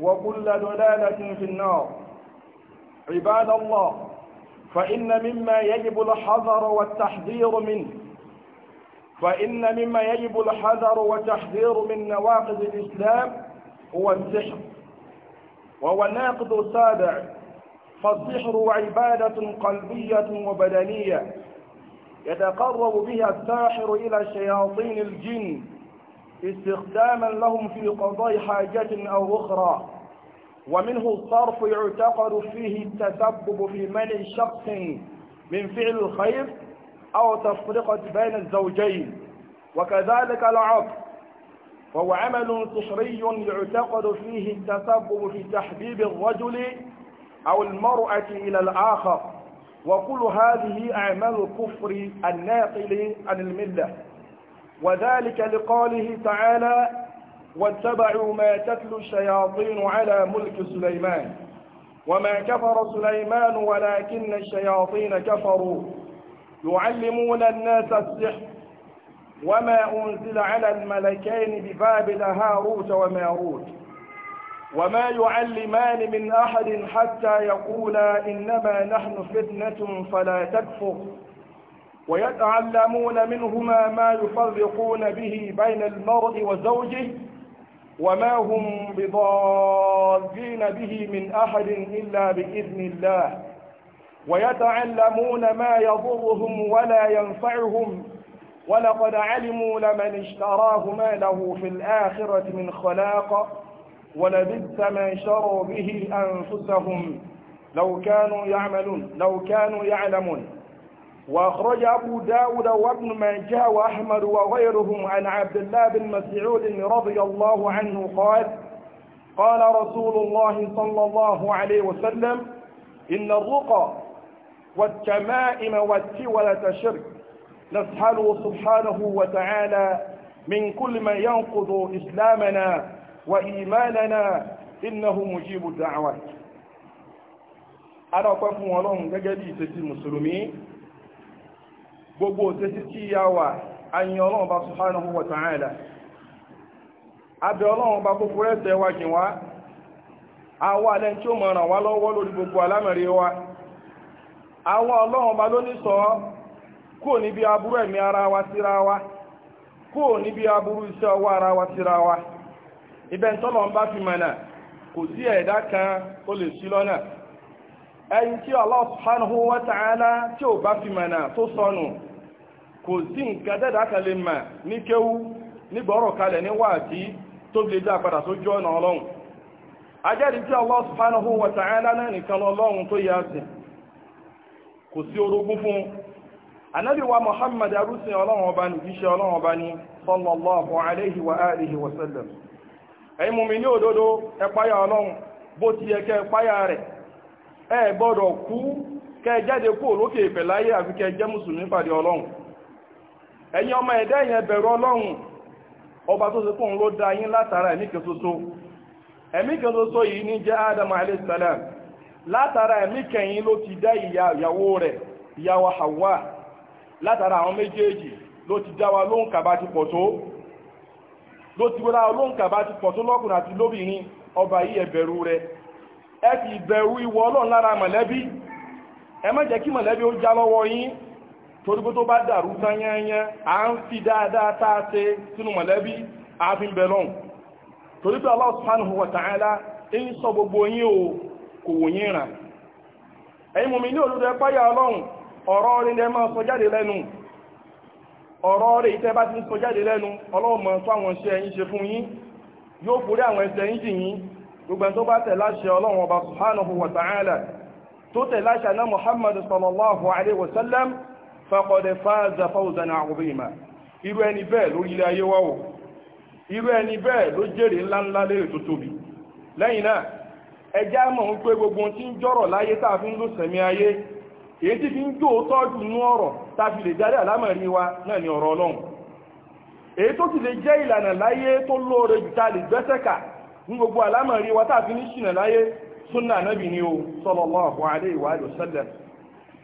وكل دلالة في النار عباد الله فإن مما يجب الحذر والتحذير منه فإن مما يجب الحذر والتحذير من نواقض الإسلام هو السحر وهو ناقض سابع فالسحر عبادة قلبية وبدنية يتقرب بها الساحر إلى شياطين الجن استخداما لهم في قضاء حاجة أو أخرى ومنه الصرف يعتقد فيه التسبب في منع شخص من فعل الخير أو تفرقة بين الزوجين وكذلك العطف فهو عمل سحري يعتقد فيه التسبب في تحبيب الرجل أو المرأة إلى الآخر وكل هذه أعمال الكفر الناقل عن المله وذلك لقوله تعالى واتبعوا ما تتلو الشياطين على ملك سليمان وما كفر سليمان ولكن الشياطين كفروا يعلمون الناس السحر وما أنزل على الملكين ببابل هاروت وماروت وما يعلمان من أحد حتى يقولا إنما نحن فتنة فلا تكفر ويتعلمون منهما ما يفرقون به بين المرء وزوجه وما هم بضارين به من أحد إلا بإذن الله ويتعلمون ما يضرهم ولا ينفعهم ولقد علموا لمن اشتراه ما له في الآخرة من خلاق ولبث ما شروا به أنفسهم لو كانوا يعملون لو كانوا يعلمون وأخرج أبو داود وابن ماجه وأحمد وغيرهم عن عبد الله بن مسعود رضي الله عنه قال قال رسول الله صلى الله عليه وسلم إن الرقى والتمائم والتولة شرك نسأله سبحانه وتعالى من كل ما ينقض إسلامنا وإيماننا إنه مجيب الدعوات أنا أقول لهم جدي المسلمين gbogbo òtẹ́sí tí ya wà ayin ọlọ́run bá subhanahu wa ta'ala abẹ́ ọlọ́run bá kókó rẹ̀sẹ̀ wá jìn wá àwọn alẹ́ tí ó mọ̀ ràn wá lọ́wọ́ lórí gbogbo alámẹ̀rẹ̀ wa àwọn ọlọ́run bá ló ní sọ kò níbi aburú ẹ̀mí ara wa síra wa kò níbi aburú iṣẹ́ ọwọ́ ara wa síra wa ibẹ̀ tọ́lọ́run bá fi mọ̀nà kò sí ẹ̀dá kan ó lè sí lọ́nà ẹni tí Allah subhanahu wa ta'ala tí ò bá fi mọ̀nà tó sọnù kò sí nǹkan dẹ́dà kalẹ̀ mà ní kéwú nígbọ̀rọ̀ kalẹ̀ ní wáàtí tó lè dá padà jọ ọ̀nà ọlọ́run ajẹ́rìí tí Allah subhanahu wa ta'ala náà nìkan ọlọ́run tó yá sí kò sí orogún fún anábì Muhammad arúsìn ọlọ́run ọba ní ọlọ́run ọba ní sallallahu alaihi wa alihi wa sallam òdodo ọlọ́run bó ti yẹ kẹ́ rẹ̀ gbọ́dọ̀ kú kẹ́ jáde kú ẹ̀yin ọmọ ẹ̀dá ẹ̀yẹn bẹ̀rù ọlọ́run ọba tó fún ló dá látara ẹ̀mí kan ẹ̀mí kan yìí ní jẹ́ adam látara ẹ̀mí kẹyìn ló ti dá ìyàwó rẹ̀ ìyàwó hawa látara àwọn méjèèjì ló ti dá lóhùn kàbá ti pọ̀ tó ti ti lọ́kùnrin àti lóbìnrin ọba yìí ẹ̀bẹ̀rù rẹ̀ ti ìwọ ọlọ́run lára mọ̀lẹ́bí torípé tó bá dàrú tányányá à ń fi dáadáa tá a ṣe sínú mọ̀lẹ́bí ààfin bẹ̀lọ́n torípé Allah subhanahu wa ta'ala ń sọ gbogbo yín o kò wò yín ràn ẹ̀yin mùmí ní olùdó ẹpáyà ọlọ́run ọ̀rọ̀ rẹ̀ lẹ́ máa sọ ìtẹ́ bá ti ń sọ jáde lẹ́nu ọlọ́run tó tẹ̀ náà muhammad sallallahu alaihi wasallam faqad faaza fawzan azima irú ẹni bẹ́ẹ̀ ló yílé ayé wáwọ̀ irú ẹni bẹ́ẹ̀ ló jèrè ńláńlá lérè tó tóbi lẹ́yìn náà ẹjá mọ̀ ń pé gbogbo tí ń jọ́rọ̀ láyé tá a fi ń lò sẹ̀mí ayé èyí tí fi ń tọ́jú nú ọ̀rọ̀ tá a fi lè jáde àlámọ̀rí wa náà ọ̀rọ̀ ọlọ́run èyí tó lè jẹ́ ìlànà láyé tó lóore jù tá a lè gbẹ́sẹ̀ kà ní gbogbo àlámọ̀rí wa tá a fi ṣìnà láyé o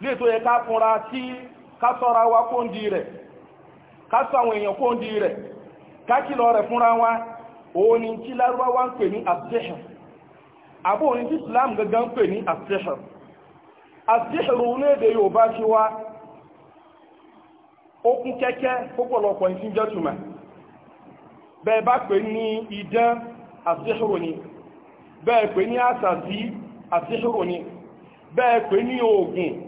lè tó yẹ ká fúnra tí ká sọ́ra wa kó ń di rẹ̀ ká sọ àwọn èèyàn kó ń di rẹ̀ ká kìlọ̀ rẹ̀ fúnra wa òun ni tí lárúbáwá ń pè ní àṣẹ́hẹ̀ àbó òun tí Islam gangan ń pè ní àṣẹ́hẹ̀ àṣẹ́hẹ̀ òun èdè Yorùbá ṣe wá ó kún kẹ́kẹ́ púpọ̀lọpọ̀ ìsinjẹ́ túnmà bẹ́ẹ̀ bá pè ní idán àṣẹ́hẹ̀ òní bẹ́ẹ̀ pè ní àṣàzí àṣẹ́hẹ̀ òní bẹ́ẹ̀ pè ní oògùn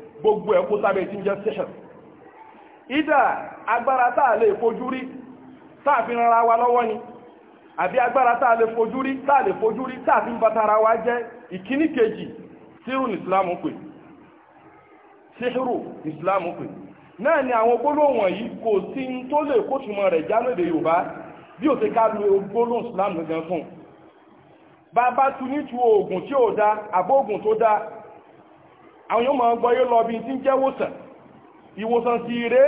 gbogbo ẹ̀kú sábẹ́ tí ń jẹ́ sẹ́ṣẹ̀ ìdá agbára táà lè fojú rí táàfin rárá wa lọ́wọ́ ni àbí agbára táà lè fojú rí táà lè fojú rí táàfin bàtara wa jẹ́ ìkíní kejì sírù ìsìlámù pè sírù ìsìlámù pè náà ni àwọn gbólóhùn wọ̀nyí kò sí tó lè kóṣùmọ̀ rẹ̀ jálòdè yorùbá bí ò ti ká lo gbólóhùn ìsìlámù gan fún bàbá tu nítú oògùn tí ò dá àbóògùn tó dá àwọn yóò máa gbọ́ yóò lọ bí tí ń jẹ́ wòsàn ìwòsàn sí ire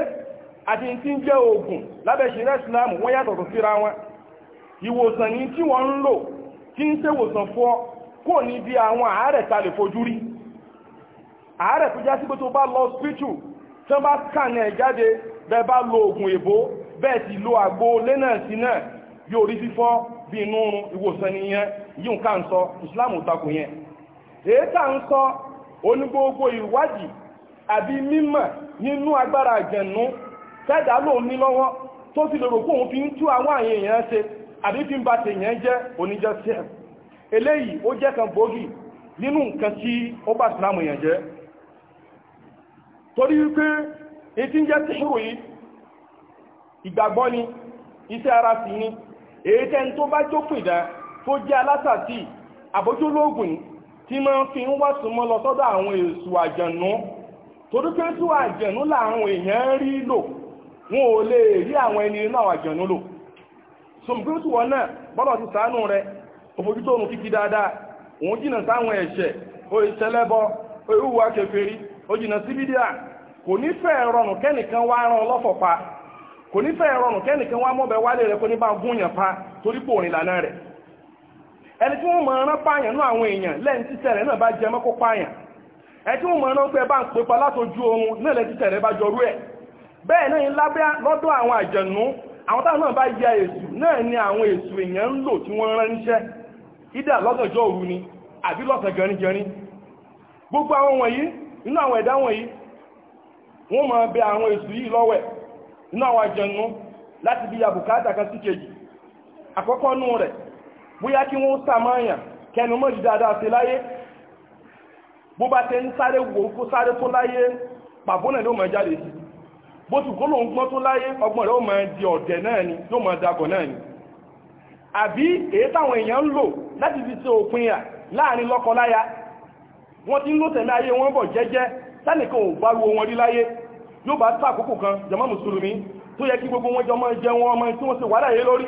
àti tí ń jẹ́ oògùn lábẹ́ ṣẹ̀ríà Islam wọ́n yàtọ̀tọ̀ síra wọn ìwòsàn ní tí wọ́n ń lò tí ń ṣèwòsàn fọ́ kò ní bí àwọn àárẹ̀ ta lè fojú rí àárẹ̀ tó já sí pé tó bá lọ spiritu tó bá kàn ẹ̀ jáde bẹ́ẹ̀ bá lo oògùn èbó bẹ́ẹ̀ ti lo àgbo lẹ́nà sí náà yóò rí fífọ́ bí inú ìwòsàn nìyẹn yíò ká ń sọ Islam ò takò yẹn èyí ká ń sọ oní gbogbo ìwádìí àbí mímọ̀ nínú agbára àjẹ̀nú tẹ́dà ló ní lọ́wọ́ tó sì lòrò kóhun fi ń tú àwọn àyè èèyàn ṣe àbí fi ń ba tèèyàn jẹ́ oníjẹ́ sí ẹ̀ eléyìí ó jẹ́ kan gbòógì nínú nǹkan tí ó bá sùlámù èèyàn jẹ́ torí wípé etí ń jẹ́ síhìrù yìí ìgbàgbọ́ ni iṣẹ́ ara sì ni èyí tẹ́ni tó bá jókùn ìdá tó jẹ́ alásàtì tí máa fi ń wá súnmọ́ lọ sọ́dọ̀ àwọn èṣù àjẹ̀nú torí pé èṣù àjẹ̀nú làwọn èèyàn rí lò wọn ò lè rí àwọn ẹni inú àwọn àjẹ̀nú lò sọmùpínlẹ̀ wọn náà bọ́lọ̀ ti ṣàánú rẹ òfojútó òun kíkí dáadáa òun jìnà sáwọn ẹ̀ṣẹ̀ ó ìṣẹlẹ́bọ ó ìwúwa kèfèrí ó jìnà síbídíà kò nífẹ̀ẹ́ rọrùn kẹ́nìkan wá rán ọlọ́fọ̀ pa kò nífẹ̀ẹ́ rọrùn kẹ́nìkan wá mọ́bẹ̀ wálé rẹ kó ní bá gúnyàn pa torí pò òrìnlànà rẹ̀ ẹni tí wọ́n mọ̀ ọ̀rán pààyàn ní àwọn èèyàn lẹ́yìn títẹ̀ rẹ̀ náà bá jẹ mọ́kó pààyàn ẹni tí wọ́n mọ̀ ọ̀rán pé bá ń pèpa látojú oorun náà lẹ́yìn títẹ̀ rẹ̀ bá jọrú ẹ̀ bẹ́ẹ̀ náà lábẹ́ lọ́dọ̀ àwọn àjẹ̀nú àwọn táwọn náà bá ya èṣù náà ni àwọn èṣù èèyàn ń lò tí wọ́n rán níṣẹ́ ìdá lọ́sànjọ́ òru ni àbí lọ́sàn gẹringẹri gbogbo àwọn wọ̀nyí inú àwọn ẹ̀dá wọ̀nyí wọ́n máa bẹ àwọn èṣù yìí lọ́wẹ̀ inú àwọn àjẹ̀nú láti bí ya bùkátà kan sí kejì àkọ́kọ́ nú rẹ̀ bóyá kí wọ́n sàmáyàn kẹnu mọ́ dáadáa sí láyé bó bá tẹ ń sáré wò kó sáré tó láyé pàbó náà ló mọ̀ jáde sí bó tù kó lòun gbọ́n tó láyé ọgbọ́n rẹ̀ ó mọ̀ di ọ̀dẹ̀ náà ni yóò mọ̀ dagọ̀ náà ni àbí èyí táwọn èèyàn ń lò láti fi ṣe òpin à láàrin lọ́kọláya wọ́n ti ń lò tẹ̀lé ayé wọn bọ̀ jẹ́jẹ́ sẹ́nìkan ò bá ruo wọn rí láyé yóò bá tó àkókò kan jàmá mùsùlùmí tó yẹ kí gbogbo wọn jọ mọ́ jẹun ọmọ tí wọ́n ṣe wàhálà yé lórí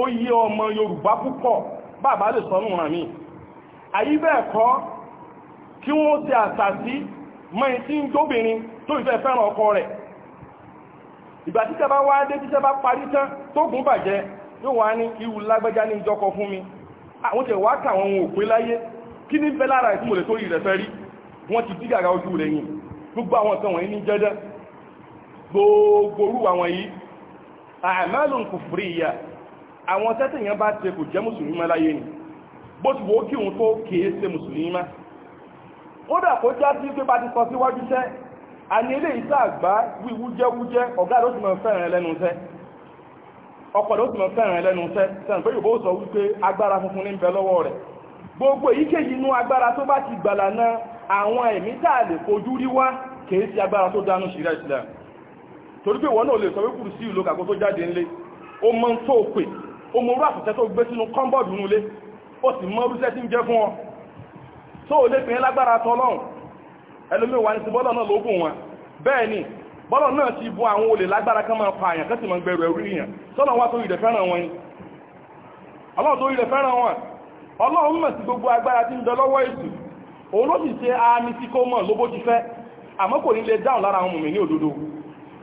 ó yí ọmọ Yorùbá púpọ̀ bàbá lè sọ nù ràn mí àyíbẹ̀ẹ̀kọ́ kí wọ́n ti àsàsí mọ́yìn tí ń jóbìnrin tó ìfẹ́ fẹ́ràn ọkọ rẹ̀ ìgbà títẹ́ bá wá dé títẹ́ bá parí tán tó gùn bàjẹ́ yóò wá ní irú lágbẹ́já ní ìjọkọ fún mi àwọn tẹ̀ wá kà wọn ò pé láyé kí ní bẹ́ lára ìtumọ̀ lè torí rẹ̀ fẹ́ rí wọ́n ti dígàgà ojú rẹ̀ yìn gbogbo àwọn nǹkan wọ̀nyí ní jẹ́dẹ́ gbogbo orú àwọn yìí kùfùrí ìyá àwọn tẹ́tẹ̀ yẹn bá tẹ kò jẹ́ mùsùlùmí má láyé ni bó ti wò ó kí òun tó kèé ṣe mùsùlùmí má ó dà kó já sí pé bá ti sọ síwájú sẹ́ àní ilé iṣẹ́ àgbá wíwú jẹ́ wújẹ́ ọ̀gá ló ti mọ̀ fẹ́ràn lẹ́nu sẹ́ ọkọ̀ ló ti mọ̀ fẹ́ràn lẹ́nu sẹ́ sẹ́n pé yòbó sọ wípé agbára funfun ní ń bẹ lọ́wọ́ rẹ̀ gbogbo èyíkéyìí inú agbára tó bá ti gbàlà náà àwọn ẹ̀mí tá a lè fojú rí wá kèé sí agbára tó dánú ṣìrẹ́ ìsìlẹ̀ torí pé wọ́n náà lè sọ wípé kùrù sí ìlú kàkó tó jáde ńlé ó mọ́ tó pè o mọ̀rú àfẹ́sẹ́ tó gbé sínú kọ́mbọ̀dù nulé ó sì mọ́rú sẹ́ tí ń jẹ́ fún ọ tó o lè fi lágbára tọ́lọ́run ẹlòmíwà ní ti bọ́lọ̀ náà lóògùn wọn bẹ́ẹ̀ ni bọ́lọ̀ náà ti bu àwọn olè lágbára kan máa pààyàn kẹ́sì máa gbẹ̀rù ẹ̀rú ìyàn sọ́nà wá torí ìdẹ̀ fẹ́ràn wọn ọlọ́run torí ìdẹ̀ fẹ́ràn wọn ọlọ́run mọ̀ sí gbogbo agbára tí ń jọ lọ́wọ́ èsù òun ló sì ṣe àmì tí kó mọ̀ lóbó ti fẹ́ àmọ́ kò ní lè dáhùn lára àwọn mùmí ní òdodo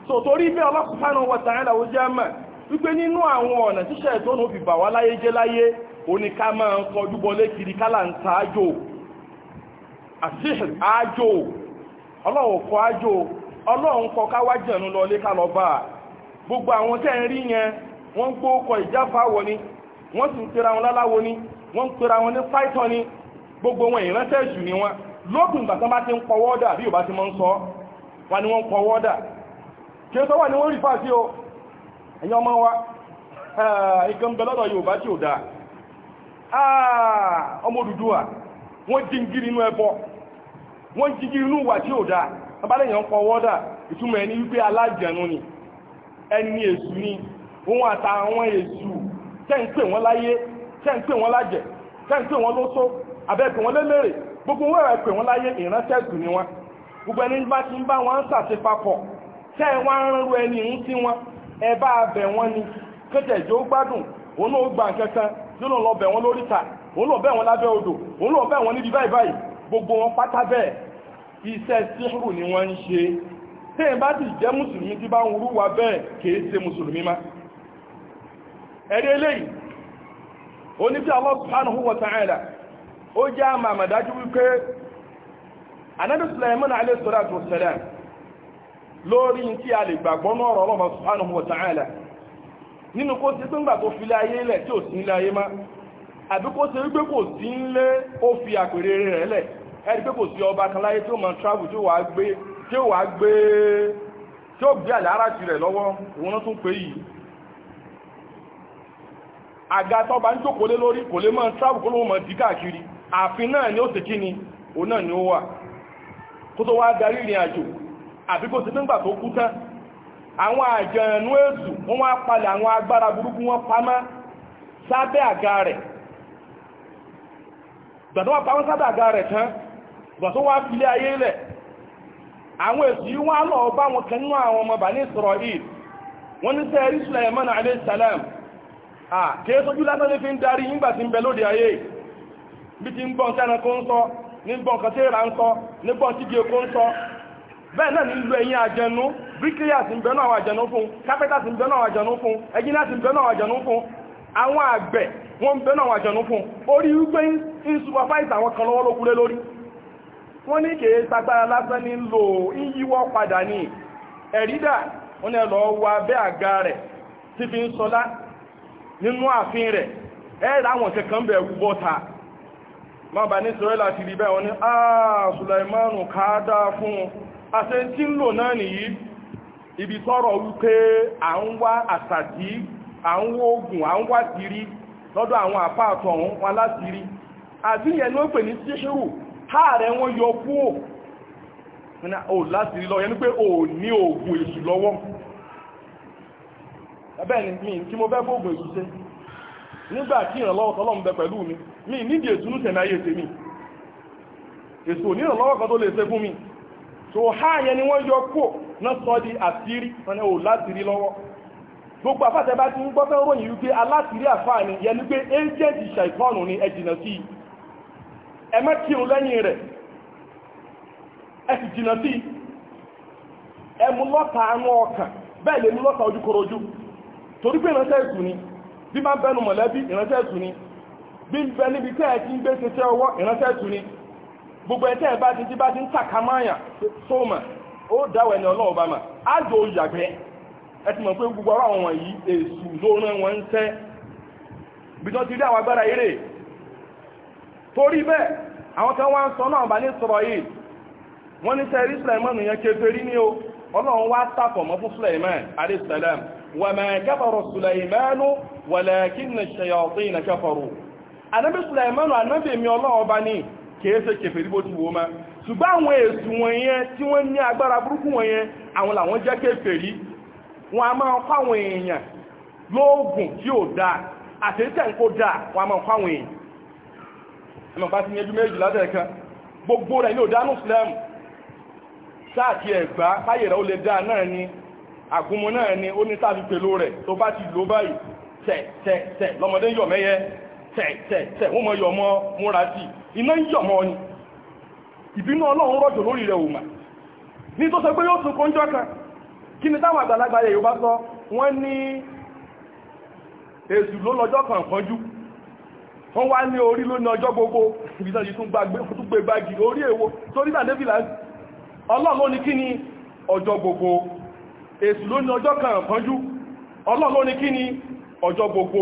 so torí bí Allah subhanahu wa ta'ala ó jẹ́ mọ̀ wípé nínú àwọn ọ̀nà tíṣẹ́ tó nù fi bà wá láyé jẹ́ láyé òní ká máa ń kọjú bọlé kiri kálà ń ta ájò àṣíhìr ájò ọlọ́run kọ ájò ọlọ́run kọ káwá jẹ̀nu lọlé ká lọ bá gbogbo àwọn tẹ́ ń rí yẹn wọ́n ń gbó kọ ìjáfà wọ ni wọ́n sì ń pera wọn láláwo ni wọ́n ń pera wọn ní fáìtọ́ ni gbogbo wọn ìránṣẹ́ ìṣù ni wọn lókùn ìgbà tán bá ti ń kọwọ́dà bí ò bá ti mọ́ ń sọ wọn ni wọ́n kọwọ́dà kí ó sọ wà ní wọ́n rí fà sí o ẹ̀yọ́ ọmọ wa nǹkan bẹ lọ́dọ̀ Yorùbá tí ò dáa ọmọ Odùduwà wọ́n jí gírí inú ẹbọ wọ́n jí gírí inú ìwà tí ò dáa abálẹ̀yàn kọ wọ́dà ìtumọ̀ ẹni wípé alájẹnu ni ẹni èṣù ni òun àtàwọn èṣù tẹ́ ń pè wọ́n láyé tẹ́ ń pè wọ́n lájẹ̀ tẹ́ ń pè wọ́n lóso àbẹ́ẹ̀pẹ̀ wọ́n lélẹ́rẹ̀ gbogbo wọ́n rẹ̀ pè wọ́n láyé ìránṣẹ́ ẹ bá bẹ̀ wọ́n ni kẹ́tẹ̀ jẹ́ ó gbádùn òun náà ó gbà kankan yóò lọ bẹ̀ wọ́n lórí ta òun lọ bẹ̀ wọ́n lábẹ́ odò òun lọ bẹ̀ wọ́n níbi báyìí báyìí gbogbo wọn pátá bẹ́ẹ̀ iṣẹ́ síhùrù ni wọ́n ń ṣe tẹ́yìn bá sì jẹ́ mùsùlùmí tí bá ń wúrú wa bẹ́ẹ̀ kìí ṣe mùsùlùmí má ẹ̀rí eléyìí oníbí Allah subhanahu wa ta'ala ó jẹ́ àmàmàdájú wípé anábì Sulaiman alayhi salatu wassalam lórí tí a lè gbàgbọ́ náà ọ̀rọ̀ Ọlọ́run subhanahu wa ta'ala nínú kó ti tó ń gbà tó fi láyé lẹ̀ tí ò sí ilé ayé má àbí kó ṣe wípé kò sí ilé ó fi àpèrè rẹ̀ lẹ̀ ẹni pé kò sí ọba kan láyé tí ó máa travel tí ó wàá gbé tí ó wàá gbé tí ó gbé àlára tirẹ̀ lọ́wọ́ òun náà tún pé yìí àga tọ́ba ń jókòó lé lórí kò lè máa kó ló máa di káàkiri ààfin náà ni ó ti kí ni òun náà ni ó wà kó tó wá darí ìrìn àjò àbí kò sí nígbà tó kú tán àwọn àjẹ̀nú èṣù wọ́n wá àwọn agbára burúkú wọn pamọ́ sábẹ́ àga rẹ̀ gbàtọ́ wá pamọ́ sábẹ́ àga rẹ̀ tán gbàtọ́ wá filé ayé lẹ̀ àwọn èṣù yìí lọ bá wọn kan àwọn ọmọ Bani ní fi sọ bẹ́ẹ̀ náà ní ìlú ẹ̀yìn àjẹnú bíríkìlíà sí ń bẹ náà àjẹnú fún kápẹ́tà sí ń bẹ náà àjẹnú fún ẹjìnà sí ń bẹ náà àjẹnú fún àwọn àgbẹ̀ wọ́n ń bẹ náà àjẹnú fún orí wípé ń supervise àwọn kan lọ́wọ́ lókúlé lórí wọ́n ní kèé sagbára lásán ní lò ń yíwọ́ padà ní ẹ̀rídà wọ́n ní ẹ̀lọ́ wa bẹ́ àga rẹ̀ tí fi ń sọlá nínú ààfin rẹ̀ ẹ̀rà àwọn kẹkàn bẹ̀ wúbọ́ta ma bà ní sọ́rẹ́lá ti rí bẹ́ẹ̀ wọ́n ní àà ah, káádá fún àṣẹ tí ń lò náà nìyí ibi tọ́rọ̀ wípé à ń wá àṣàdí à ń wó oògùn à ń wá tìrí lọ́dọ̀ àwọn àpáàtọ̀ ọ̀hún wọn láti rí àti ìyẹn ni ó pè ní ṣíṣírù táàrẹ wọn yọ kú ò láti rí lọ yẹn ni pé ò ní oògùn èṣù lọ́wọ́ ẹ̀bẹ́ni mi tí mo fẹ́ gbóògùn èṣù ìrànlọ́wọ́ mi mi nídìí èṣù ní tẹ̀lé ayé tèmi èṣù onírànlọ́wọ́ kan tó lè ṣe fún mi so yẹn ni wọ́n yọ náà sọ di àṣírí wọn ò oh, láṣírí lọ́wọ́ gbogbo àfáàtẹ bá ti ń gbọ́ ròyìn wípé aláṣírí àfáà ni yẹn ni pé agent ṣàìkọ́nù ni ẹ jìnà sí ẹ má lẹ́yìn rẹ̀ ẹ jìnà sí lọ́ta anú ọkàn bẹ́ẹ̀ lè mú lọ́ta torí pé ni bí máa ń bẹnu mọ̀lẹ́bí ni bí ń bẹ níbi tẹ́ ẹ ti ń gbogbo ẹ̀tẹ́ ẹ̀bá ti bá ti ń tàkàmáyà sóòmà ó dáwọ̀ ẹni ọlọ́ọ̀bá mà á jò yàgbẹ́ ẹ ti mọ̀ pé gbogbo ọ̀rọ̀ àwọn yìí èsù lóòrán wọn ń tẹ́ bìtọ́ ti rí àwọn agbára eré torí bẹ́ẹ̀ àwọn kan wá ń sọ náà bá ní sọ̀rọ̀ yìí wọ́n ní sẹ́rí Sulaiman yẹn kèfèrí ní o ọlọ́run wá tàfọ̀mọ́ fún Sulaiman alayhi salam wa ma kafara Sulaiman walakinna ash-shayatin kafaru ànábì Sulaiman ànábì mi ọlọ́ọ̀bá ní kèése kèfèrí bó ti wò má ṣùgbọ́n àwọn èsù wọ̀nyẹn tí wọ́n ní agbára burúkú wọ̀nyẹn àwọn làwọn jẹ́ kèfèrí wọn a máa kọ́ àwọn èèyàn lóògùn tí ò dáa àtẹ́tẹ́ ń kó dáa wọn a máa kọ́ àwọn èèyàn ẹ̀mọ̀ bá ti yẹjú méjì látẹ̀ẹ̀kan gbogbo rẹ̀ ní òdánù Islam sáàkì ẹ̀gbá káyè rẹ̀ ó lè dáa náà ni àgúnmu náà ni ó ní sáàfi pèlú rẹ̀ tó bá ti lò báyìí tẹ̀ tẹ̀ tẹ̀ lọ́mọdé yọ̀ mẹ́yẹ tẹ̀tẹ̀tẹ̀ wọ́n mọ yọ ọmọ múra sí iná ń yọ̀ mọ́ ni ìbínú ọlọ́run rọ̀jò lórí rẹ̀ òmà ní tó sọ pé yóò tún kóńjọ́ kan kí ni táwọn àgbàlagbà yẹ̀ yorùbá sọ wọ́n ní èsù ló lọ́jọ́ kan kanjú wọ́n wá ní orí ló ní ọjọ́ gbogbo ibi tó ti tún gbé gbági orí èwo torí náà débìlà ọlọ́run ló ní kí ni ọjọ́ gbogbo èsù ló ní ọjọ́ kan kanjú ọlọ́run ló ní kí ni ọjọ́ gbogbo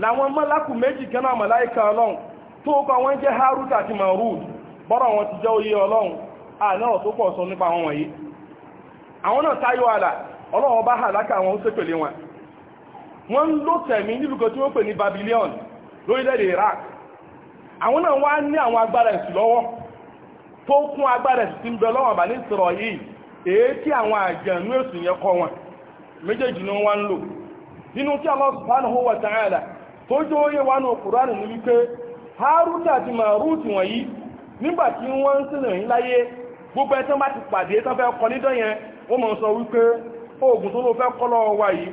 làwọn mọ́lákù méjì kan náà màláìka ọlọ́run tó kọ wọ́n jẹ́ harut àti marud bọ́rọ̀ wọn ti jẹ́ oyé ọlọ́run àná tó pọ̀ sọ nípa wọn wọ̀nyí àwọn náà táyọ̀ àlà ọlọ́run bá hàlákà wọn ó sépèlé wọn wọ́n ń tẹ̀mí nílùú tí wọ́n pè ní Babylon lórílẹ̀-èdè Iraq àwọn náà wá ní àwọn agbára ẹ̀sìn lọ́wọ́ tó kún agbára ẹ̀sìn tí ń bẹ lọ́wọ́ bá ní sọ̀rọ̀ yìí èyí tí àwọn àjẹ̀nú èsù yẹn kọ wọn méjèèjì ni wọ́n wá ń lò nínú tí Allah subhanahu wa ta'ala tó jó yé wa nù kùránì ní wípé Hárútà àti Màrútì wọ̀nyí nígbà tí wọ́n ń sìnrìn yín láyé gbogbo ẹ̀tọ́ bá ti pàdé tán fẹ́ kọ nídọ́ yẹn ó mọ̀ sọ wípé oògùn tó ló fẹ́ kọ́ lọ́wọ́ wa yìí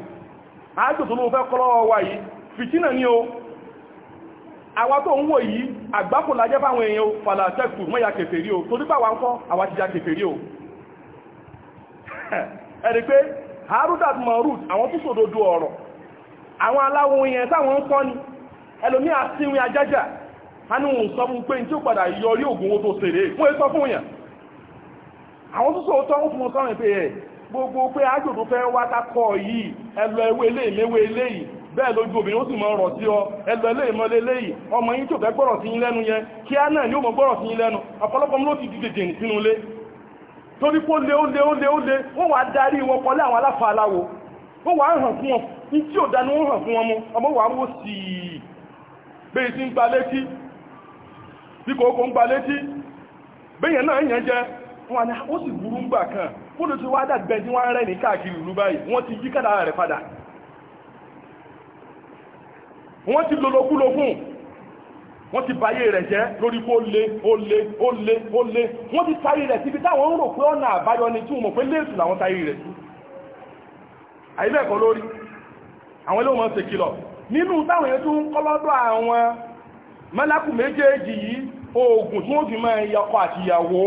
àájò tó ló fẹ́ kọ́ lọ́wọ́ wa yìí fìtínà ni o àwa tó ń wò yìí àgbákò lájẹ́ fáwọn èèyàn fàlàtẹ́kù mọ́ya kèfèrí o torí báwa ń kọ́ àwa ti já kèfèrí o ẹ̀rí pé Harut àti Marut àwọn tó sòdodo ọ̀rọ̀ àwọn aláwọ̀ yẹn táwọn ń kọ́ ni ẹlòmí àsíwìn ajájà hánú sọ fún pé tí ó padà yọrí ògùn tó sèrè fún ètò fún yàn àwọn tó ó pé gbogbo pé ájòdó fẹ́ wá yìí ẹlọ ewé bẹ́ẹ̀ lójú obìnrin ó sì mọ sí ọ ẹlọ eléyìí mọ́ ọmọ yín tó fẹ́ gbọ́rọ̀ sí lẹ́nu yẹn kí ni ó gbọ́rọ̀ sí lẹ́nu ọ̀pọ̀lọpọ̀ ló ti le ó le ó le ó le wọ́n wá darí wọn àwọn wọ́n wà hàn fún wọn ní tí ò dánú hàn fún wọn mú ọmọ wà wó sí i bẹ́ẹ̀ ń gba létí bí kò kò ń gba létí bẹ́yẹn náà yẹn jẹ́ wọ́n ni ó sì burú ńgbà kan tí dàgbẹ́ tí wọ́n rẹ̀ ní káàkiri ìlú báyìí wọ́n ti yí kádà rẹ̀ padà wọ́n ti wọ́n ti báyé rẹ̀ jẹ́ lórí kó lé ó lé ó lé ó lé wọ́n ti tarí rẹ̀ síbi táwọn wọ́n mọ̀ pé léètù àìbẹ́ẹ̀kọ́ lórí àwọn ilé wọn ṣe kìlọ̀ nínú táwọn èèyàn tó àwọn mẹ́lákù méjèèjì yìí oògùn tí wọ́n fi máa yakọ àti ìyàwó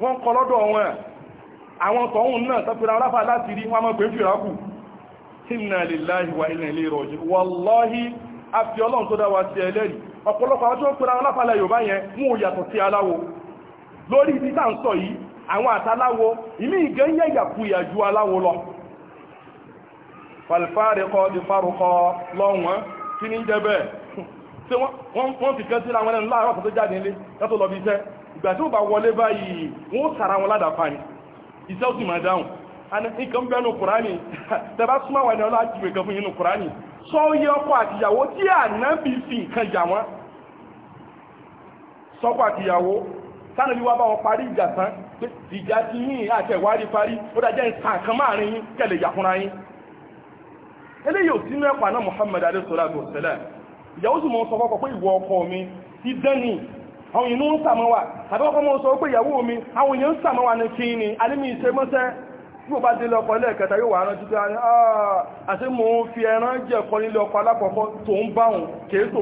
wọ́n wọn àwọn tọ̀hún náà tọ́pẹ̀rẹ̀ aláfà láti rí wọn mọ́pẹ̀ fìrákù a fi ọlọ́run tó dáwà sí ẹlẹ́rì ọ̀pọ̀lọpọ̀ àwọn tí ó pẹ̀rẹ̀ lórí ibi tá ń sọ yìí àwọn àtàláwo ìmí lọ fàlfàríkọ́ di fárúkọ́ lọ́wọ́n kí ní jẹ́ bẹ́ẹ̀ tí wọ́n fi kẹ́ sí àwọn ẹni láàárọ̀ tó jáde ilé látò lọ bí iṣẹ́ ìgbà tí ó bá wọlé báyìí wọ́n sàrà wọn ládàpá ní iṣẹ́ ó sì máa dáhùn nǹkan bẹ́nu kùránì tẹbá súnmọ́ wà ní ọlá ti wèkan fún inú kùránì sọ yẹ ọkọ àtìyàwó tí ànábì fi nǹkan jà wọ́n sọ́kọ àtìyàwó tánàbí wá bá wọn parí ìjà tán ìjà ti yìn àti ẹ̀wárí parí ó dájẹ́ nǹkan kan máàrin yín kẹlẹ̀ yàkúnra yín eléyìí ò sínú ẹ̀pà náà Muhammad adéṣọ́lágbò tẹ́lẹ̀ ìyàwó sì mọ́ sọ kọ́kọ́ pé ìwọ ọkọ mi ti dẹ́ni àwọn inú ń sàmọ́wà tàbí ọkọ mọ́ sọ pé ìyàwó mi àwọn èèyàn ń sàmọ́wà ní kí ni alẹ́mí iṣẹ́ mọ́sẹ́ tí ó bá délé ọkọ ilé ẹ̀kẹta yóò wà rántí pé àti ah, mò ń fi ẹran jẹ ọkọ nílé ọkọ alákọ̀ọ́kọ́ tó ń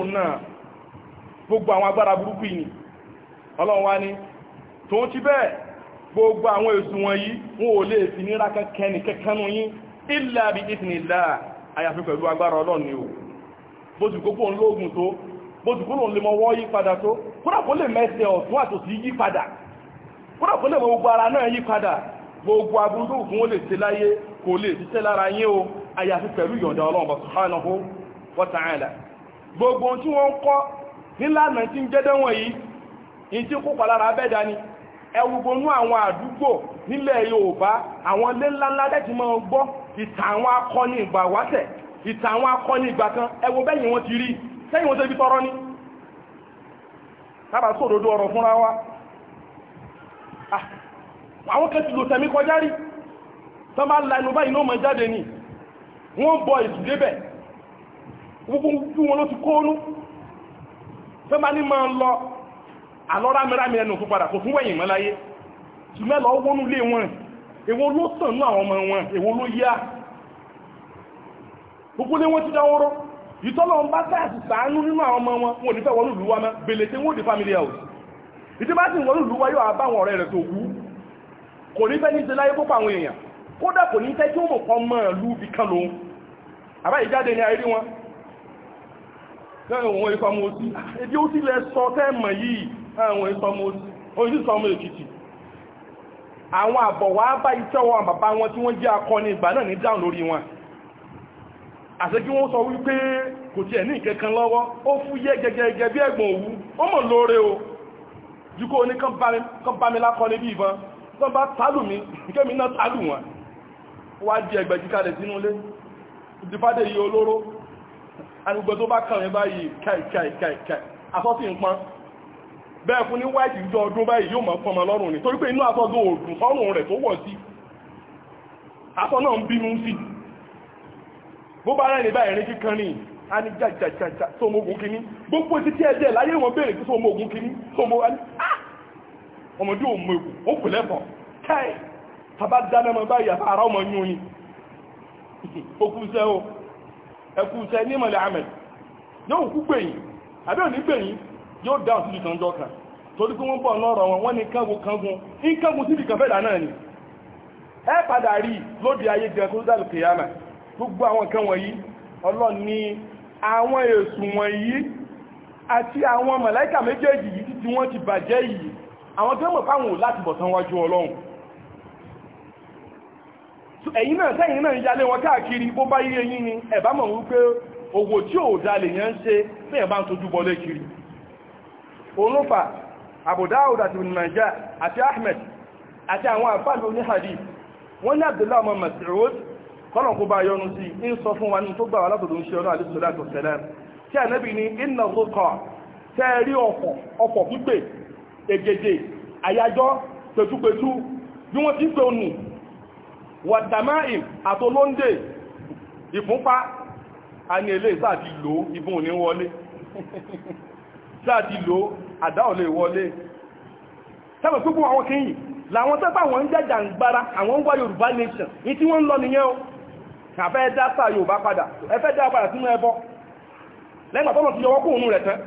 bá àyàfi pẹ̀lú agbára ọlọ́run ni o bó ti kókó ń lóògùn tó bó ti kókó ń lè mọ wọ́ yí padà tó kódà kó lè mẹ́sẹ̀ ọ̀tún àtòsí yí padà kódà kó lè mọ gbogbo ara náà yí padà gbogbo aburú tó kún ó lè ṣe láyé kò lè ṣiṣẹ́ lára yín o àyàfi pẹ̀lú ìyọ̀ǹda ọlọ́run subhanahu wa ta'ala gbogbo tí wọ́n ń kọ́ nílànà tí ń jẹ́dẹ́ wọ̀nyí ìtí ẹwùgbónú àwọn àdúgbò nílẹ̀ Yorùbá àwọn ilé ńláńlá lẹ́tí mọ́ gbọ́ ìtàn àwọn akọni ìgbà wáṣẹ̀ ìtàn àwọn akọni ìgbà kan ẹwọ bẹ́yìn wọn ti rí sẹ́yìn wọn tó ibi tọrọ ní tábà sí òdodo ọ̀rọ̀ fúnra wa ah, àwọn kẹsì lò tẹ̀mí kọjá rí tán bá la inú báyìí ní ó mọ̀ jáde ni wọ́n bọ ìsùdébẹ̀ gbogbo wọn ló ti kóónú tán bá ní máa ń lọ alọ́rá mẹ́rámi ẹnu fún padà kò fún wẹ̀yìn mọ́láyé ṣùgbọ́n lọ wọ́nú lé wọn èwo ló tàn ní àwọn ọmọ wọn èwo ló yá gbogbo lé wọn ti dáwọ́rọ́ ìtọ́lọ̀ ń bá sáàsì sàánú nínú àwọn ọmọ wọn wọn ò ní fẹ́ wọnú ìlú wa mọ́ bèlè tí wọ́n di family house ìdí bá sì wọnú ìlú wa yóò àbáwọn ọ̀rẹ́ rẹ̀ tó kú kò ní fẹ́ ní ṣe láyé púpọ̀ àwọn èèyàn kódà kò ní fẹ́ kí ó mọ̀ kan mọ́ ìlú bí kan lòun àbá ìjáde ní àìrí wọn lẹ́yìn òun ikọ̀ mọ́ sí ebi ó sì lẹ yìí àwọn ìsọmọ ojúsọmọ èkìtì àwọn àbọ̀wà bá iṣẹ́ wọn bàbá wọn tí wọ́n jẹ́ akọni ìgbà náà ní dáun lórí wọn àṣẹ kí wọ́n sọ wípé kò tí ẹ̀ ní ìkẹ́kan lọ́wọ́ ó fúyẹ́ gẹ́gẹ́gẹ́ bí ẹ̀gbọ̀n òwú ó mọ̀ lóore o jùkọ́ ní kán bá mi lákọni bí ìbọn tó bá tálù mi kémi náà tálù wọn wá jẹ ẹgbẹ̀jì kalẹ̀ sínúlé ìdífádé yìí olóró àgbègbè tó bá kàn mí báyìí kàìkàìkàì àsọ́sí nǹkan bẹ́ẹ̀ fún ní white ìjọ ọdún báyìí yóò máa fọmọ lọ́rùn ni torí pé inú afọ́gán òògùn fọ́rùn rẹ̀ tó wọ̀ sí afọ́ náà ń bínú sí bó bá rẹ̀ ní báyìí rí kíkan ní a ní jàjàjàjà tó ọmọ ogun kìíní gbogbo títí ẹjẹ́ láyé wọn béèrè tó ọmọ ogun kìíní tó ọmọ ogun ọmọdé òmò èkó ó kù lẹ́bọ̀ káì tàbá dáná mọ báyìí àfa ara ọmọ yún ni okùnṣẹ́ o ẹkùnṣẹ́ ní ìmọ̀lẹ̀ àmẹ́ yóò kú gbẹ̀yìn àbẹ́ òní gbẹ̀yìn yóò dáhùn sí ìtàn ọjọ́ kan torí kí wọ́n bọ̀ lọ́rọ̀ wọn wọ́n ni kángun kángun ní kángun sí ìkàn fẹ́dà náà ni ẹ padà rí lóde ayé gan kó dàlù kìyàmà gbogbo àwọn nǹkan wọ̀nyí ọlọ́run ni àwọn èsùn wọ̀nyí àti àwọn màláìkà méjèèjì yìí tí wọ́n ti bàjẹ́ yìí àwọn tó mọ̀ fáwọn láti bọ̀ tán wájú ọlọ́run ẹ̀yìn náà sẹ́yìn náà yálé wọn káàkiri bó bá yíyẹ yí ni ẹ̀bá mọ̀ wípé owó tí ò dalè yẹn ń ṣe fẹ́yẹ̀ bá ń tójú bọ́lé kiri olúfà Abu Dawud àti Ibn Majah àti Ahmed àti àwọn àfáàlù ní hadith wọ́n ní Abdullah ọmọ Mas'ud kọ́nà kó bá yọnu sí ń sọ fún wa ní tó gbà wà látọ̀dọ̀ ń ṣe ọ̀nà àdìsọ̀ láti ọ̀sẹ̀lẹ̀ tí ànábì ní iná rúkọ̀ tẹ́ rí ọ̀fọ̀ ọ̀fọ̀ pípé ègèdè àyájọ́ pẹ̀túpẹ̀tú bí wọ́n ti ń pè ònù wàdàmáìm àtolóńdè ìfúnpá a ní ilé ìsáàtì lò ìbùn ní wọlé ìsáàtì lò àdá ò lè wọlé sábà púpọ̀ àwọn kìíyì làwọn tẹ́pà wọn ń jẹ́jà ń gbára àwọn ń wá yorùbá nation ní tí wọ́n ń lọ nìyẹn o àfẹ́ dápà yorùbá padà ẹfẹ́ dá padà sínú ẹbọ lẹ́gbà tọ́nà ti yọwọ́ kóònù rẹ̀ tán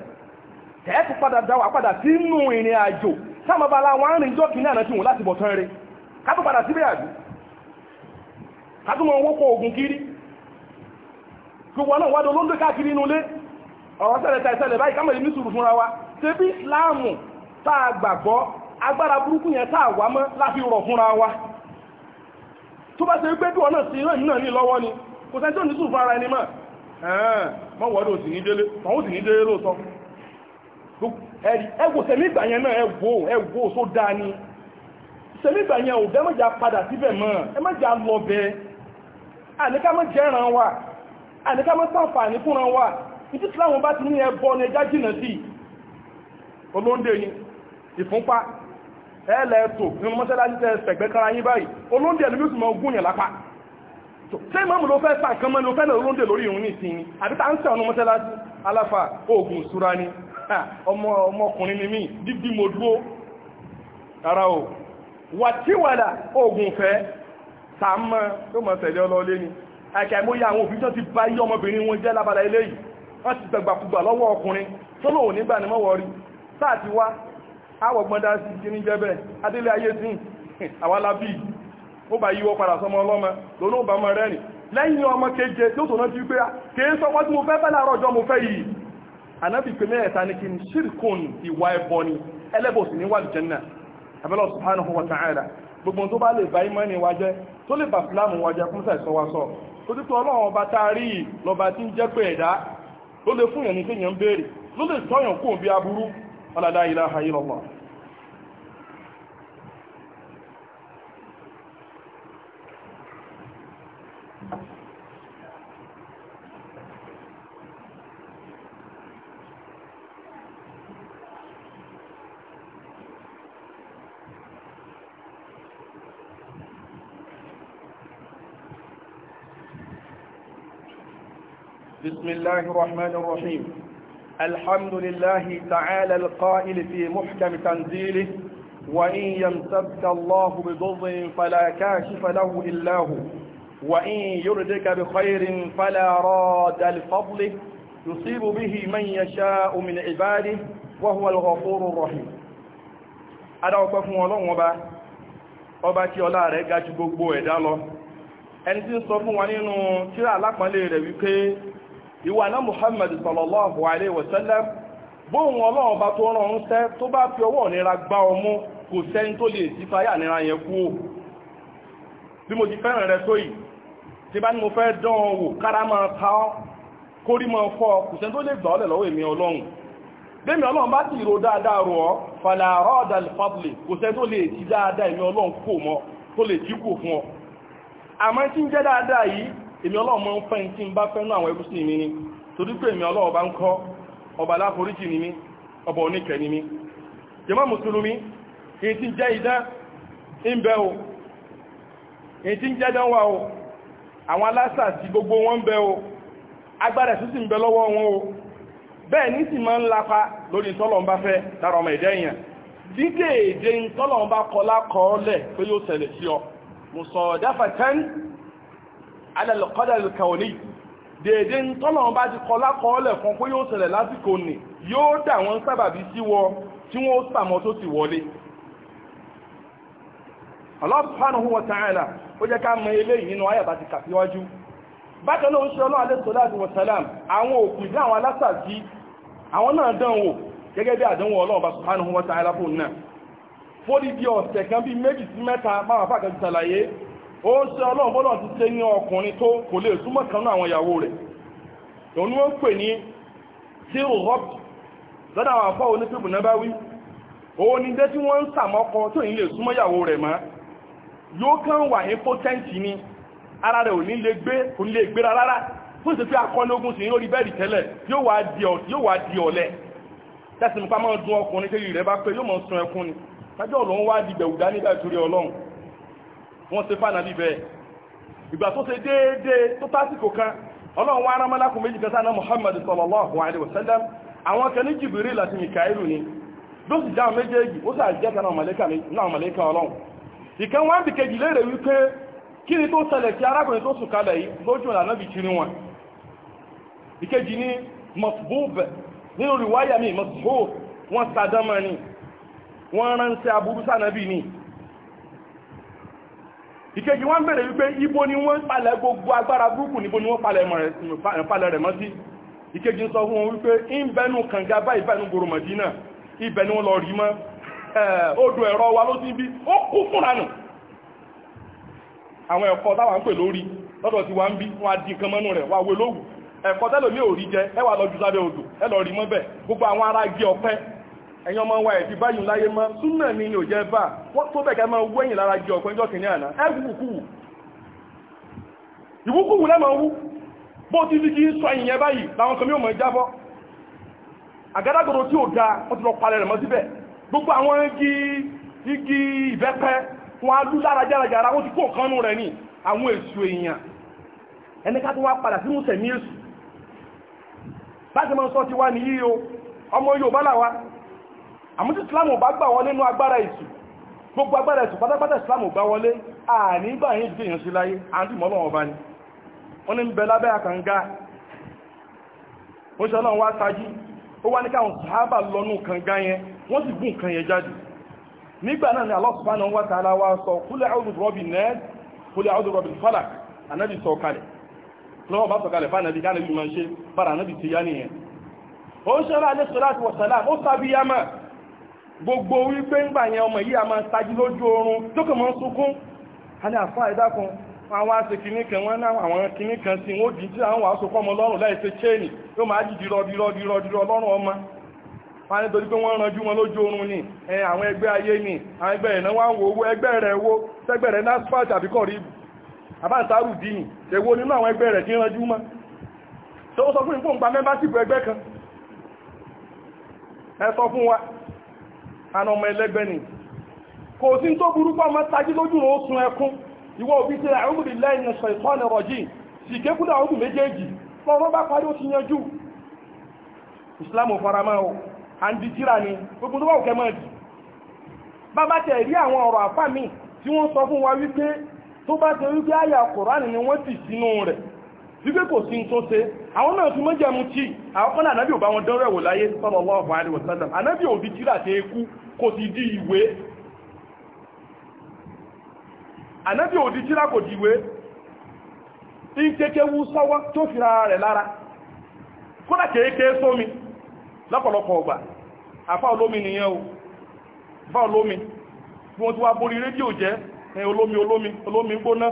tẹ́ẹ̀kù padà dáwà padà sínú ìrìn àjò sáàmàbàlá wọn àrìn jọ́ kìí náà tí wọ́n láti bọ̀tán rẹ̀ kátó padà síbẹ̀ àjú kátó mọ̀ wọ́kọ̀ ogun kiri gbogbo náà wádọ́ ló ń dé káàkiri inú ilé ọ̀rọ̀ ṣẹlẹ̀ ta ìṣẹlẹ̀ báyìí kámọ̀ ní sùúrù fúnra wa ṣe bí ìsìláàmù tá a gbàgbọ́ agbára burúkú yẹn tá a wá mọ́ láfi rọ̀ fúnra wa tó bá ṣe wípé bí wọn náà sí iná ìmúnà ní lọ́wọ́ ni kò sẹ́ni tó ní sùúrù fúnra ẹni mọ́ mọ́ wọ́dọ̀ sì ní délé àwọn sì ní délé lóòótọ́ ẹgbò sẹ́mi ìgbà yẹn náà ẹgbò ẹgbò só dáa ni sẹ́mi ìgbà yẹn ò bẹ́ mọ́jà padà síbẹ̀ mọ́ ẹ mọ́jà lọ bẹ́ẹ̀ àníká mọ́ jẹ́ràn wa àníká mọ́ sàǹfààní fúnra wa ìtí tí láwọn bá ti ní ẹbọ ní ẹjá jìnà sí olóńdè yìí ìfúnpá ẹlẹ́ẹ̀tò nínú mọ́sálásí tẹ́ ẹ̀sẹ̀gbẹ́ báyìí olóńdè ẹ̀lú ni ó fẹ́ lọ olóńdè lórí ìrún ní ìsinmi àbí tá ń sẹ́ ọ̀nà mọ́sálásí aláfà oògùn ìṣúra ni ọmọkùnrin ni mí dídí mo dúró ara o wàtíwàdà oògùn fẹ́ sàmọ́ tó mọ̀ sẹ̀lẹ̀ ọlọ́lé ni àkàìmọ́ yá àwọn òbí tó ti bá yí ọmọbìnrin wọn jẹ́ lábala eléyìí wọ́n ti gbàgbàkúgbà lọ́wọ́ ọkùnrin tó lòun nígbà ní mọ́wọ́ rí sáà ti wá àwọ̀gbọ́ndá sí kí ní jẹ́bẹ̀ adélé ayé sí àwálábí ó bá yíwọ́ padà sọmọ ọlọ́mọ lónà ó bá mọ rẹ́rìn lẹ́yìn ọmọ kéje tó tọ́nà ti pé kèé sọmọ tí mo fẹ́ fẹ́ láàárọ̀ ọjọ́ mo fẹ́ yìí anábì pé mẹ́ẹ̀ta ní kí n wa ta'ala gbogbo tó bá lè bá ìmọ̀ ni wájẹ́ tó lè bá fúlàmù wájẹ́ fún sàìsọwásọ tó dúpọ̀ ọlọ́run ọba tá a tí ń jẹ́ pé ẹ̀dá ló lè fún yẹn ní pé yẹn ń béèrè ló lè tọ́yàn kó bí aburú aládá ilaha illallah بسم الله الرحمن الرحيم الحمد لله تعالى القائل في محكم تنزيله وإن يمسك الله بضر فلا كاشف له إلا هو وإن يردك بخير فلا راد لفضله يصيب به من يشاء من عباده وهو الغفور الرحيم أدعوك فمو الله وبا ọba tí ọlá rẹ̀ ga jù gbogbo ẹ̀dá lọ ẹni tí ń sọ fún wa ìwà náà muhammad sallallahu alaihi wasallam bóhun ọlọ́run bá tó rán oúnṣẹ́ tó bá fi ọwọ́ nira gbá ọmú kò sẹ́ni tó lè sí fáyà nira yẹn kú o bí mo ti fẹ́ràn rẹ tó yìí tí bá ní mo fẹ́ dán ọ wò kára máa ta ọ kórí máa fọ́ kò sẹ́ni tó lè gbà ọ́lẹ̀ lọ́wọ́ èmi ọlọ́run bẹ́mi ọlọ́run bá ti ro dáadáa rọ ọ fàlàrọ́ ọ̀dàlfàbùlì kò sẹ́ni tó lè ti dáadáa èmi ọlọ́run kò èmi ọlọ́run mọ́ ń fẹ́ tí ń bá fẹ́nú àwọn ẹrúsìn mi ni torí pé èmi ọlọ́run bá ń kọ́ ọba aláforíjì ni mí ọba oníkẹ́ ni mí jàmá mùsùlùmí èyí tí jẹ́ idán ń bẹ o èyí tí jẹ́ dán wà o àwọn alásà tí gbogbo wọn ń bẹ o agbára ẹ̀sùn sì ń bẹ lọ́wọ́ wọn o bẹ́ẹ̀ ní sì máa ń lapa lórí tọ́lọ̀ ń bá fẹ́ dára ọmọ ìdẹ́ èèyàn dídèédé tọ́lọ̀ ń bá kọlá kọ́ pé yóò tẹ̀lé sí ọ mùsọ̀ọ́dáfà 10 alẹ́lẹ́kọ́dẹ̀lẹ́ kàwọ́ní dèédé ń tọ́lọ̀ bá ti kọ lákọọ́lẹ̀ fún pé yóò ṣẹlẹ̀ lásìkò nì yóò dà wọ́n sábàbí sí wọ tí wọ́n sàmọ́ tó ti wọlé Allah subhanahu wa ta'ala ó jẹ́ ká mọ eléyìí nínú ayàbá ti kàfíwájú bákan náà ń ṣe ọlọ́ alẹ́sọ̀láàdì wọ̀sálàm àwọn òkú ìdá àwọn alásàájí àwọn náà dánwò gẹ́gẹ́ bí àdánwò ọlọ́ọ̀bá subhanahu wa ta'ala fún náà fódìdí ọ̀sẹ̀ kan bí méjì sí mẹ́ta máa fàkàtì sàlàyé ó ṣe ọlọ́run bọ́lọ̀ ti ṣe ní ọkùnrin tó kò lè súnmọ́ kan náà àwọn ìyàwó rẹ̀ òun ó pè ní tí ó rọ́p lọ́dà àwọn afọ́ onípìpù náà bá wí òun ni dé tí wọ́n ń sàmọ́kọ tó ní lè súnmọ́ ìyàwó rẹ̀ mọ́ yóò kàn wà ní pótẹ́ǹtì ni ara rẹ̀ ò ní lè gbé kò ní lè gbéra rárá fún ìsìnkú akọ́lógún sí lórí bẹ́ẹ̀dì tẹ́lẹ̀ yóò wá di ọ̀lẹ tẹ́sìn pa máa dun ọkùnrin tẹ́lẹ̀ rẹ̀ bá pé yóò mọ̀ sun ẹkún ni tájọ́ ọ̀lọ́run wá di bẹ̀wùdá nígbà ìtúrí ọlọ́run wọ́n ṣe fáànà bíbẹ̀ ìgbà tó ṣe déédéé tó tásìkò kan ọlọ́run wá rán méjì kan sáná Muhammad sallallahu alaihi wasallam àwọn kan ni ló sì méjèèjì ó sì àjẹ́ kan náà mọ̀lẹ́kà ọlọ́run ìkan wá ń kejì léèrè wípé kí ni tó ṣẹlẹ̀ tí arákùnrin tó yìí ìkejì wọ́n bẹ̀rẹ̀ wípé ibo ni wọ́n palẹ̀ gbogbo agbára burúkú níbo ni wọ́n palẹ̀ rẹ̀ mọ́ sí ìkejì sọ fún wọn wípé ń bẹnu kànga báyìí bẹnu gbòrò mọ̀dínà ni lọ rí mọ́ odò ẹ̀rọ wa ló ti bí ó kú fúnra àwọn ẹ̀kọ́ táwa pè lórí lọ́dọ̀ tí wa bí adì nǹkan mọ́nú rẹ̀ ẹ̀kọ́ tẹ́lòmí ẹ̀yin ọmọ wa ẹ̀dì báyìí láyé mọ́ súnà ni ò jẹ́ bá wọ́n tó bẹ̀kẹ́ máa wẹ́yìn lára jẹ ọ̀pẹ́ ìjọ kìíní àná ẹ̀wùkúwù ìwúkúwù lẹ́mọ̀ wú bó ti fi kí ń sọ ìyẹn báyìí láwọn kan yóò mọ̀ jábọ́ àgádágodo tí ó ga mọ́ síbẹ̀ igi igi ìbẹ́pẹ́ wọn á lú lára járajàra wọ́n ti kó nǹkan nù rẹ̀ ní àwọn èso èèyàn ẹni ká tó wá padà sínú àmọ́ tí islam bá gbà wọlé nú agbára ìsù gbogbo agbára ìsù pátápátá islam gbà wọlé ànígbà yìí dìde èèyàn sí láyé àti mọ́lọ́wọ́ bá ní wọ́n ní bẹ lábẹ́ àkànga ó ṣe ọlọ́run wá tají ó wá ní káwọn sàábà lọ́nú kànga yẹn wọ́n sì gún kan yẹn jáde nígbà náà ni Allah subhanahu wa ta'ala wá sọ qul a'udhu bi rabbin nas qul a'udhu bi rabbil falaq ànábì lọ́wọ́ bá sọ kalẹ̀ fánàbì kánàbì máa ṣe bára ànábì ti yá nìyẹn ó ń ṣe rà ní sọ́láàtì wọ̀sálà ó sábíyá máa gbogbo wípé ńgbà yẹn ọmọ yìí a máa tají lójú oorun tó kàn máa a ní àfá ẹ̀dá kan àwọn aṣe kìíní kan wọ́n náà àwọn kìíní kan sí wọ́n dì tí àwọn aṣọ kọ́mọ lọ́rùn láìsẹ chéènì yóò máa jìdí rọdírọdírọdírọ lọ́rùn ọmọ oorun ni ẹ sọ àna ọmọ ẹlẹ́gbẹ́ ni kò sí tó burú pọ̀ mọ́ tají lójú rò ó sun ẹkún ìwọ òbí ti rà ọmọdé lẹ́yìn ẹ̀sọ̀ ìtọ́nà rọ̀jì sì kékúdà ọmọ méjèèjì lọ́rọ́ bá parí ó ti yanjú ìsìlámù faramá o àǹdíjíra ni gbogbo tó bá òkè mọ́ ẹ̀dì bàbá tẹ̀ rí àwọn ọ̀rọ̀ àfáà mi tí wọ́n sọ fún wa wípé tó bá ṣe wípé àyà kòránì ni wọ́n ti sínú rẹ̀ wípé kò sí tó ṣe àwọn náà tún mọ́jẹ̀ mú tí àwọn kọ́nà ànábì ò bá wọn dánrẹ̀ wò láyé sallallahu alaihi wasallam ànábì ò ra rẹ̀ lára kódà kéèké sómi lọ́pọ̀lọpọ̀ ọgbà àfá olómi nìyẹn o àfá olómi bí wọ́n ti wá borí rédíò jẹ́ olómi olómi olómi gbóná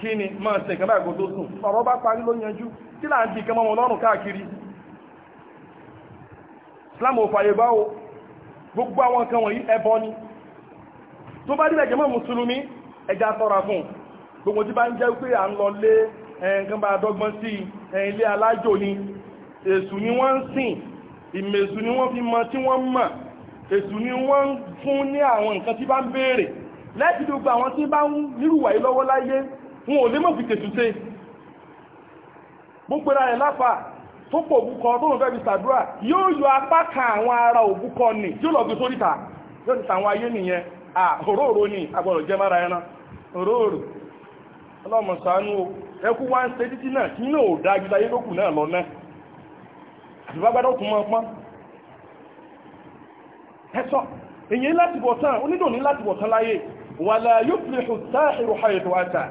kí ni máa ṣe ìkàmà ìgbò tó sùn ọ̀rọ̀ bá parí ló yanjú kí láà ń di ìkàmà wọn lọ́rùn káàkiri Islam ò fàyè bá o gbogbo àwọn nǹkan wọ̀nyí ẹbọ ni tó bá dílẹ̀ jẹ́mọ́ mùsùlùmí ẹja sọ́ra fún gbogbo tí bá ń jẹ́ pé à ń lọ lé nǹkan bá dọ́gbọ́n sí ilé alájò ni èṣù ni wọ́n ń sìn ìmẹ̀ṣù ni wọ́n fi mọ tí wọ́n mọ̀ èṣù ni wọ́n ń fún ní àwọn nǹkan tí bá ń béèrè lẹ́ẹ̀kì àwọn tí bá ń nírùwà yìí lọ́wọ́ láyé wọn ò lè mọ̀ fi tètù ṣe bó ẹ̀ tó pọ̀ òbúkọ tó lọ fẹ́ sàdúrà yóò yọ apá àwọn ara òbúkọ nì tí ó lọ sóríta yóò ayé nìyẹn à òróòrò ni agbọ̀rọ̀ jẹ́ mára ẹran òróòrò ẹkú wá ń ṣe títí náà ní ò dájú láyé lókù náà lọ náà àtìbágbádọ́ mọ́ pọ́n ẹ̀sọ́ èyí láti bọ̀ tán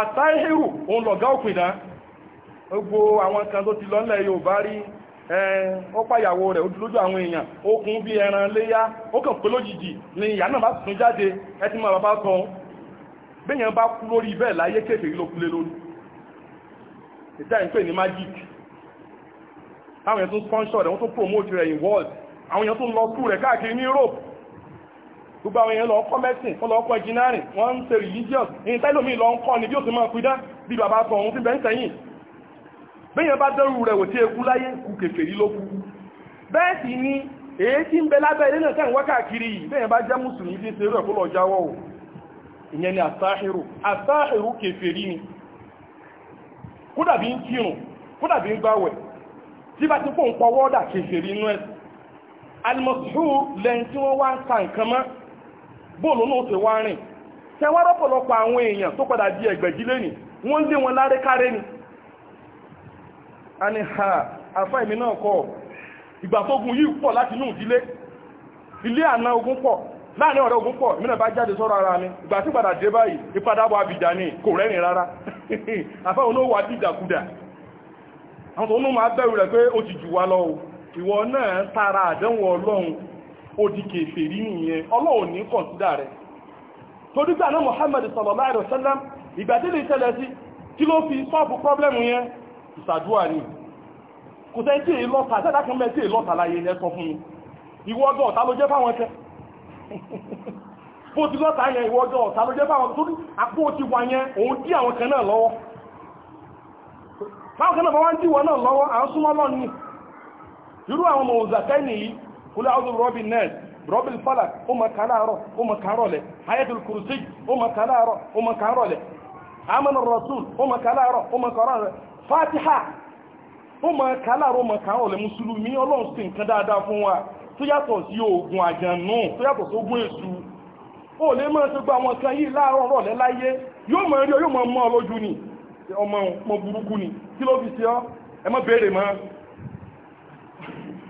àtàìhìrù òun lọ̀gá òpìdá gbogbo àwọn kan tó ti lọ́lẹ̀ Yorùbá rí ọpáyàwó rẹ̀ ojúlójú àwọn èèyàn okùn bí ẹran léyá ó kàn pé lójijì ni ìyá náà bá tún jáde ẹtí mọ́ bàbá kan bẹ́yàn bá kú lórí bẹ́ẹ̀ láyé kéfèé ló kúlé lórí ìta ìpè ní sponsor promote in world kú gbogbo àwọn èèyàn lọ kọ́ mẹ́sìn wọ́n lọ kọ́ engineering wọ́n ń ṣe religious èyí tẹ́lómi lọ ń kọ́ ni bí ó ti máa pidá bí bàbá sọ òun ti bẹ́ ń sẹ́yìn bẹ́yàn bá dẹ́rù rẹ̀ wò tí ekú láyé kú kèfèrí ló kú bẹ́ẹ̀ sì ni èyí tí ń bẹ lábẹ́ ilé náà tẹ́wọ́ káàkiri yìí bẹ́yàn bá jẹ́ mùsùlùmí tí ń ṣe ni àsáhìrù àsáhìrù kèfèrí ni kódàbí ń kírun kódàbí ń gbáwẹ̀ tí bá ti pò ń pọwọ́ dà kèfèrí inú ẹ̀ alimọ̀sùn lẹ́yìn tí wọ́n wá ń sa nǹkan mọ́ bóòlù náà ṣe wá rìn tẹwàá rọ́pọ̀lọpọ̀ àwọn èèyàn tó padà di ẹgbẹ̀jílé ni wọ́n lé wọn láré káré ni a ní ha àfá ìmì náà kọ́ ìgbà tó ogun yìí pọ̀ láti inú ìdílé ilé àná ogun pọ̀ láàrin ọ̀rẹ́ ogun pọ̀ mínà bá jáde sọ́rọ̀ ara mi ìgbà tí padà dé báyìí ìpadàbọ̀ abìjà ni kò rẹ́rìn rárá àfá òun ó wà ní ìdàkudà àwọn tó ń máa bẹ̀rù rẹ̀ pé ó ti jù wá lọ ìwọ náà tara àdánwò ọlọ́run òdìkè ìfèrí nìyẹn ọlọ́run ní kọ̀ǹsídà rẹ̀ torí gbà náà Muhammad sallallahu alaihi wasallam ìgbàdílé ìṣẹ̀lẹ̀ sí kí ló fi sọ́ọ̀bù pọ́blẹ́mù yẹn ìṣàdúrà ni kò tẹ́ tí èyí lọ́ta àti àdákan mẹ́ tí èyí lọ́ta láyé ẹ sọ fún mi ìwọ ọjọ́ ọ̀tá ló jẹ́ fáwọn ẹ̀kẹ́ bó ti lọ́ta yẹn ìwọ ọjọ́ ọ̀tá ló jẹ́ fáwọn tó ní àpò ti wà yẹn òun dí àwọn kan náà lọ́wọ́ báwọn kan náà bá wá ń dí wọn náà lọ́wọ́ à ń súnmọ́ lọ́ni irú àwọn ọmọ òzàkẹ́ nìyí kúlú àwọn rọ́bì nẹ́ẹ̀sì rọ́bì falak ó ma kà láàárọ̀ ó ma kà rọ̀lẹ́ hayatul kursi ó ma kà láàárọ̀ ó ma kà rọ̀lẹ́ amana rasul ó ma kà láàárọ̀ ó ma kà rọ̀lẹ́ fatiha ó ma kà láàárọ̀ ó ma kà rọ̀lẹ́ mùsùlùmí ọlọ́run sí nǹkan dáadáa fún wa tó yàtọ̀ sí oògùn àjànú tó yàtọ̀ sí oògùn èṣù ó lè máa ṣe gba àwọn kan yìí láàárọ̀ rọ̀lẹ́ láyé yóò mọ̀ rí ọ yóò mọ̀ ọ lójú ni ọmọ burúkú ni kí ló fi ṣe ọ ẹ má béèrè mọ́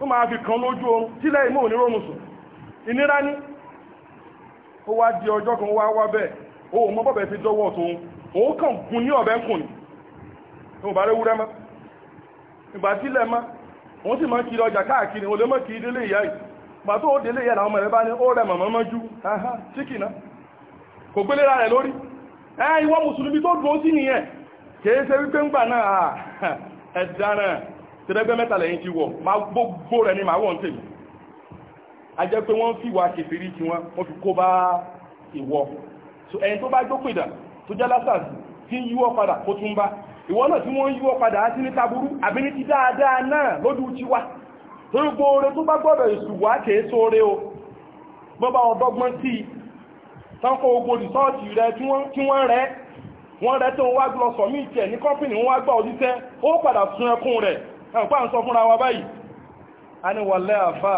ó máa fi kan lójú oorun tílẹ̀ ìmọ̀ òní sùn ìnira ní ó wá di ọjọ́ kan wá wá bẹ́ẹ̀ ó mọ́ bọ́bẹ̀ ti dọ́wọ́ tó òun kàn gún ní ọ̀bẹ́ kùn ní òun bá léwúrẹ́ mọ́ ìgbà tílẹ̀ mọ́ òun sì kiri ọjà káàkiri òun mọ́ kiri délé ìyá yìí gbà tó délé ìyá làwọn ní ó rẹ̀ síkìnà kò gbélé ra rẹ̀ lórí mùsùlùmí tó dùn ó sí nìyẹn wípé ń gbà tẹ́lẹ́gbẹ́ mẹ́ta lẹ́yìn ti wọ̀ máa gbogbo rẹ̀ ni ma wọ̀ ń tèmi a jẹ́ pé wọ́n fìwà kẹfìrí tí wọ́n wọ́n fi kó bá ìwọ so ẹ̀yin tó bá gbópìdà tó jẹ́ lásàs tí ń yíwọ́ padà kó tún bá ìwọ náà tí wọ́n ń yíwọ́ padà á sí ní taburú àbí ní ti dáadáa náà lójú ti wá torí gbóore tó bá gbọ́dọ̀ èsù wá kèé sóore o bọ́bá ọdọ́gbọ́n tí tánkọ ogbò rìsọ́ọ̀tì rẹ tí wọ́n rẹ wọ́n rẹ tó wá gbọ́ sọ̀mí ìtẹ̀ ní kọ́pìnì wọ́n wá gbà òdíṣẹ́ ó padà sun ẹkún rẹ̀ ẹ̀pá ń sọ fúnra wa báyìí a ní wà lẹ́àfà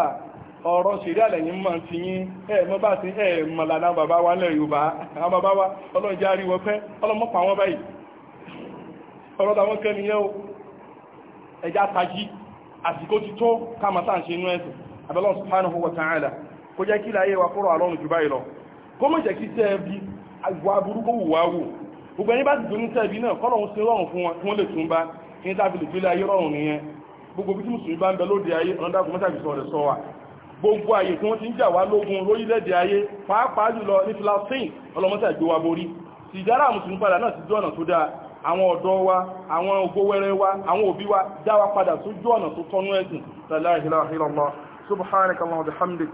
ọ̀rọ̀ ṣeré àlẹ̀yìn máa ti yín ẹ̀ẹ̀mọ́ bá ti ẹ̀ẹ̀mọ̀ lànà bàbá wa lẹ́ Yorùbá àwọn bàbá wa ọlọ́jà rí wọ pẹ́ ọlọ́mọ́pàá wọn báyìí ọ̀rọ̀ tàwọn kẹ́ nìyẹn o ẹja tají àsìkò ti tó kama sáà ṣe inú ẹ̀sìn abẹ́lọ́n subhanahu wa ta'ala kó jẹ́ kí láyé wa kúrò àlọ́nù jù báyìí lọ kó mọ̀ jẹ́ kí tẹ́ẹ̀bí àgbà burúkú wù wá wù gbogbo ẹni bá ti dùn ní tẹ́ẹ̀bí náà kọ́lọ̀ ń sin rọrùn fún wọn lè tún bá ní tábìlì gbélé ayé rọrùn nìyẹn gbogbo bí mùsùlùmí bá ń bẹ lóde ayé ọ̀nàdà kò mọ́tàbí sọ rẹ̀ sọ wa gbogbo àyè tí wọ́n ti ń jà wá lógun lórílẹ̀-èdè ayé pàápàá jùlọ ní filastin ọlọ́mọ́tà gbé wa borí tìjára mùsùlùmí padà náà ti jọ ọ̀nà tó dáa àwọn ọ̀dọ́ wa àwọn ògbówẹ́rẹ́ wa àwọn òbí wa dá wa padà sójú ọ̀nà tó tọ́nú ẹ̀sìn la ilaha illallah subhanaka allahumma wa bihamdik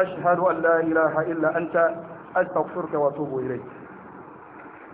ashhadu an la ilaha illa anta astaghfiruka wa atubu ilayk